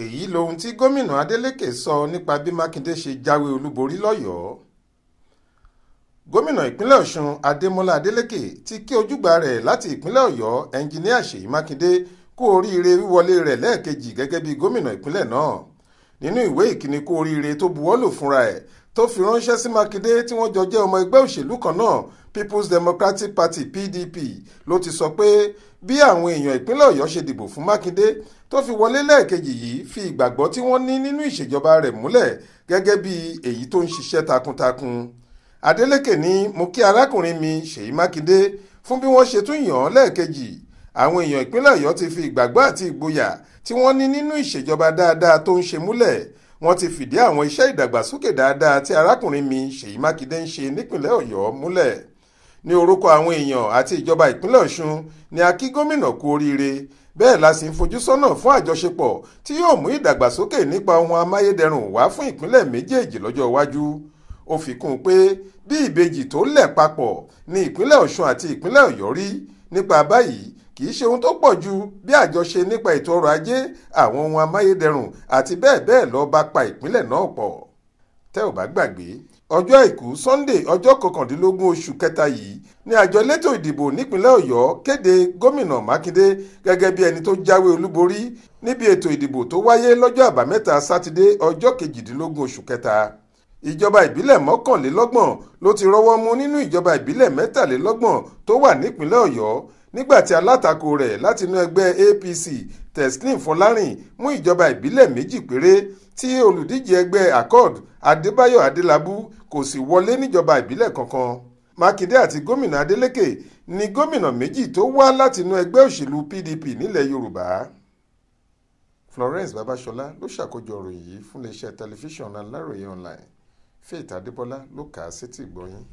èyí lohun tí gómìnà adeleke sọ nípa bí mákindé ṣe jáwé olúborí lọ́yọ̀ọ́ gómìnà ìpínlẹ̀ ọ̀ṣun adémọ́lá adeleke ti kí ojúgbà rẹ̀ láti ìpínlẹ̀ ọ̀yọ́ ẹnjiníà ṣèyí mákindé kú oríire wíwọlé rẹ̀ lẹ́ẹ̀kejì gẹ́gẹ́ bí gómìnà ìpínlẹ̀ náà nínú ìwé ìkíni kú oríire tó buwọ́lù fúnra ẹ̀ tó fi ránṣẹ́ sí mákindé tí wọ́n jọ jẹ́ ọmọ ẹgbẹ́ òṣèlú kan náà people's democratic party pdp ló ti sọ pé bí àwọn èèyàn ìpínlẹ̀ ọ̀yọ́ ṣe dìbò fún mákindé tó fi wọlé lẹ́ẹ̀kejì yìí fi ìgbàgbọ́ tí wọ́n ní nínú ìṣèjọba rẹ̀ múlẹ̀ gẹ́gẹ́ bí èyí tó ń ṣiṣẹ́ takuntakun adeleke ni mo kí arákùnrin mi ṣèyí mákindé fún bí wọ́n ṣe tún yàn án lẹ́ẹ̀kejì àwọn èèyàn ìpínlẹ̀ ọ̀yọ́ ti fi ìgbàgbọ́ àti ìgboyà tí wọ́n ní nínú ìṣèjọba dáadáa tó ń ṣe múlẹ̀ wọ́n ti fìdí àwọn iṣẹ́ ìdàgbàsókè dáadáa tí arákùnrin mi ṣèyí mákindé ń ṣe nípìnlẹ̀ ọ̀yọ́ múlẹ̀ ní orúkọ àwọn èèyàn àti ìjọba ìpínlẹ̀ ọ̀ṣun ni a kí gómìnà kú oríire bẹ́ẹ̀ la sì ń fojú sọ́nà fún àjọṣepọ̀ tí yóò mú ìdàgbàsókè nípa ohun amáyédẹrùn wá fún ìpínlẹ̀ méjèèjì lọ́jọ́ iwájú ó fi kún un pé bí ìbejì tó lẹ̀ papọ̀ ni ìpínlẹ̀ ọ̀ṣun àti ìpínlẹ̀ ọ̀yọ́ rí nípa báyìí kì í ṣe ohun tó pọ̀ ju bí àjọṣe nípa ètò ọrọ̀ ajé àwọn ohun amáyédẹrùn àti bẹ́ẹ̀ bẹ́ẹ̀ lọ bá pa ìpínlẹ̀ náà pọ̀ tẹ́ ò bá gbàgbé ọjọ́ àìkú Sunday ọjọ́ kọkàndínlógún oṣù kẹta yìí ni àjọ elétò ìdìbò nípínlẹ̀ Ọ̀yọ́ kéde gómìnà Mákindé gẹ́gẹ́ bí ẹni tó jáwé olúborí níbi ètò ìdìbò tó wáyé lọ́jọ́ àbámẹ́ta sátidé ọjọ́ kejìdínlógún oṣù kẹta ìjọba ìbílẹ̀ mọ́kànlélọ́gbọ̀n ló ti rọ́wọ́ mú nínú ìjọba ìbílẹ̀ mẹ́tàlélọ́gbọ̀n tó wà nípínlẹ̀ Ọ̀yọ́ nígbàtí alátakò rẹ̀ látinú ẹgbẹ́ APC teslim fọlárìn mú ìjọba ìbílẹ̀ méjì péré tí olùdíje ẹgbẹ́ accord adébáyọ̀ adélábù kò sì wọlé níjọba ìbílẹ̀ kankan mákindé àti gómìnà adélékè ni gómìnà méjì tó wá látinú ẹgbẹ́ òṣèlú pdp nílẹ̀ yorùbá florence babasola ló ṣàkójọ ọ̀rọ̀ yìí fún iléeṣẹ́ tẹlifíṣàn aláròye online faith adébọlá ló kà á sétí ìgbọ́yìn.